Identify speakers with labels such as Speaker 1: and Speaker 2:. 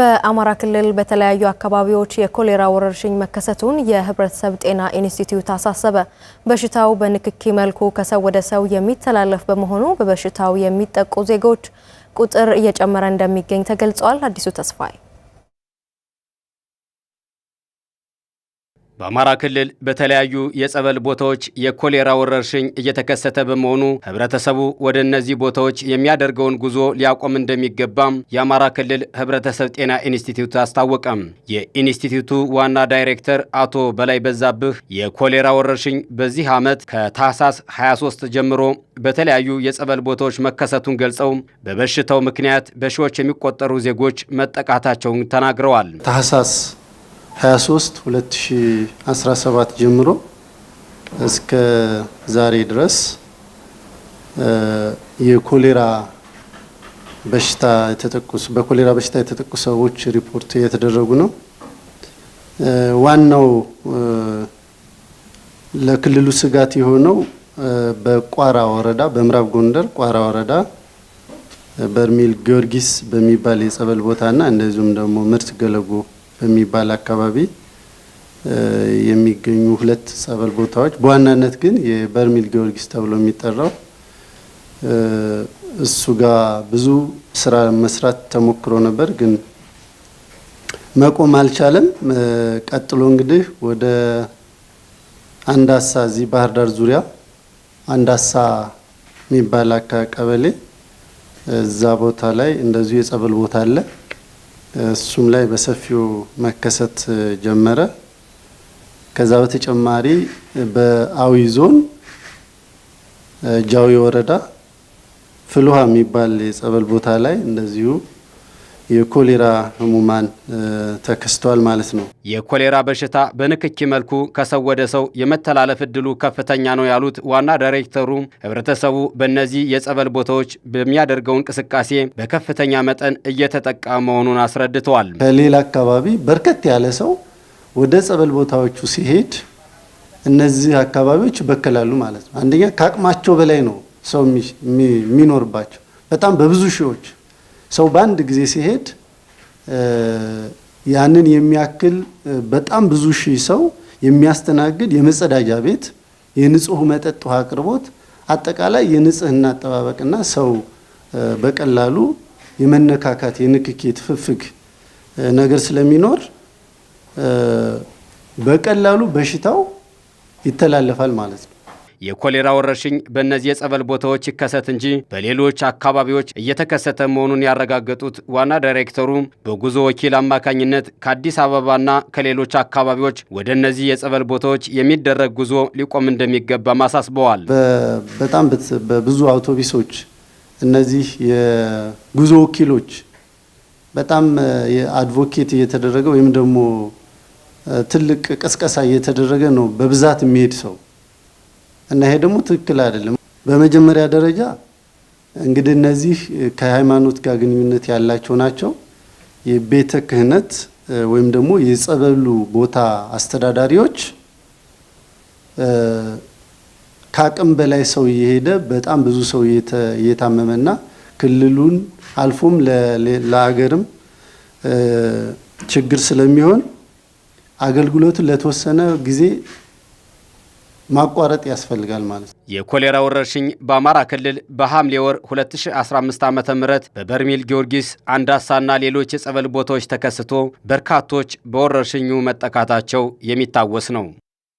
Speaker 1: በአማራ ክልል በተለያዩ አካባቢዎች የኮሌራ ወረርሽኝ መከሰቱን የህብረተሰብ ጤና ኢንስቲትዩት አሳሰበ። በሽታው በንክኪ መልኩ ከሰው ወደ ሰው የሚተላለፍ በመሆኑ በበሽታው የሚጠቁ ዜጎች ቁጥር እየጨመረ እንደሚገኝ ተገልጿል። አዲሱ ተስፋዬ
Speaker 2: በአማራ ክልል በተለያዩ የጸበል ቦታዎች የኮሌራ ወረርሽኝ እየተከሰተ በመሆኑ ህብረተሰቡ ወደ እነዚህ ቦታዎች የሚያደርገውን ጉዞ ሊያቆም እንደሚገባም የአማራ ክልል ህብረተሰብ ጤና ኢንስቲትዩት አስታወቀም። የኢንስቲትዩቱ ዋና ዳይሬክተር አቶ በላይ በዛብህ የኮሌራ ወረርሽኝ በዚህ ዓመት ከታህሳስ 23 ጀምሮ በተለያዩ የጸበል ቦታዎች መከሰቱን ገልጸው በበሽታው ምክንያት በሺዎች የሚቆጠሩ ዜጎች መጠቃታቸውን ተናግረዋል።
Speaker 3: ታህሳስ 23 2017 ጀምሮ እስከ ዛሬ ድረስ የኮሌራ በሽታ የተጠቁስ በኮሌራ በሽታ የተጠቁ ሰዎች ሪፖርት እየተደረጉ ነው። ዋናው ለክልሉ ስጋት የሆነው በቋራ ወረዳ በምዕራብ ጎንደር ቋራ ወረዳ በርሜል ጊዮርጊስ በሚባል የጸበል ቦታና እንደዚሁም ደግሞ ምርት ገለጎ በሚባል አካባቢ የሚገኙ ሁለት ጸበል ቦታዎች በዋናነት ግን የበርሜል ጊዮርጊስ ተብሎ የሚጠራው እሱ ጋር ብዙ ስራ መስራት ተሞክሮ ነበር፣ ግን መቆም አልቻለም። ቀጥሎ እንግዲህ ወደ አንዳሳ እዚህ ባህር ዳር ዙሪያ አንዳሳ የሚባል አካ ቀበሌ እዛ ቦታ ላይ እንደዚሁ የጸበል ቦታ አለ። እሱም ላይ በሰፊው መከሰት ጀመረ። ከዛ በተጨማሪ በአዊ ዞን ጃዊ ወረዳ ፍልውሃ የሚባል የጸበል ቦታ ላይ እንደዚሁ የኮሌራ ህሙማን ተከስቷል ማለት ነው።
Speaker 2: የኮሌራ በሽታ በንክኪ መልኩ ከሰው ወደ ሰው የመተላለፍ እድሉ ከፍተኛ ነው ያሉት ዋና ዳይሬክተሩ ህብረተሰቡ በእነዚህ የጸበል ቦታዎች በሚያደርገው እንቅስቃሴ በከፍተኛ መጠን እየተጠቃ መሆኑን አስረድተዋል።
Speaker 4: ከሌላ አካባቢ በርከት ያለ ሰው ወደ ጸበል ቦታዎቹ ሲሄድ እነዚህ አካባቢዎች ይበከላሉ ማለት ነው። አንደኛ ከአቅማቸው በላይ ነው ሰው የሚኖርባቸው በጣም በብዙ ሺዎች ሰው በአንድ ጊዜ ሲሄድ ያንን የሚያክል በጣም ብዙ ሺህ ሰው የሚያስተናግድ የመጸዳጃ ቤት፣ የንጹህ መጠጥ ውሃ አቅርቦት፣ አጠቃላይ የንጽህና አጠባበቅና ሰው በቀላሉ የመነካካት የንክኪ ትፍፍግ ነገር ስለሚኖር በቀላሉ በሽታው ይተላለፋል ማለት ነው።
Speaker 2: የኮሌራ ወረርሽኝ በእነዚህ የጸበል ቦታዎች ይከሰት እንጂ በሌሎች አካባቢዎች እየተከሰተ መሆኑን ያረጋገጡት ዋና ዳይሬክተሩ በጉዞ ወኪል አማካኝነት ከአዲስ አበባና ከሌሎች አካባቢዎች ወደ እነዚህ የጸበል ቦታዎች የሚደረግ ጉዞ ሊቆም እንደሚገባም አሳስበዋል።
Speaker 3: በጣም በብዙ አውቶቡሶች እነዚህ የጉዞ ወኪሎች በጣም አድቮኬት እየተደረገ ወይም ደግሞ ትልቅ ቀስቀሳ እየተደረገ ነው በብዛት የሚሄድ ሰው እና ይሄ ደግሞ ትክክል አይደለም። በመጀመሪያ ደረጃ እንግዲህ እነዚህ ከሃይማኖት ጋር ግንኙነት ያላቸው ናቸው። የቤተ ክህነት ወይም ደግሞ የጸበሉ ቦታ አስተዳዳሪዎች ከአቅም በላይ ሰው እየሄደ በጣም ብዙ ሰው እየታመመና ክልሉን አልፎም ለሀገርም ችግር ስለሚሆን አገልግሎቱ ለተወሰነ ጊዜ ማቋረጥ ያስፈልጋል ማለት ነው።
Speaker 2: የኮሌራ ወረርሽኝ በአማራ ክልል በሐምሌ ወር 2015 ዓ ም በበርሜል ጊዮርጊስ፣ አንዳሳና ሌሎች የጸበል ቦታዎች ተከስቶ በርካቶች በወረርሽኙ መጠቃታቸው የሚታወስ ነው።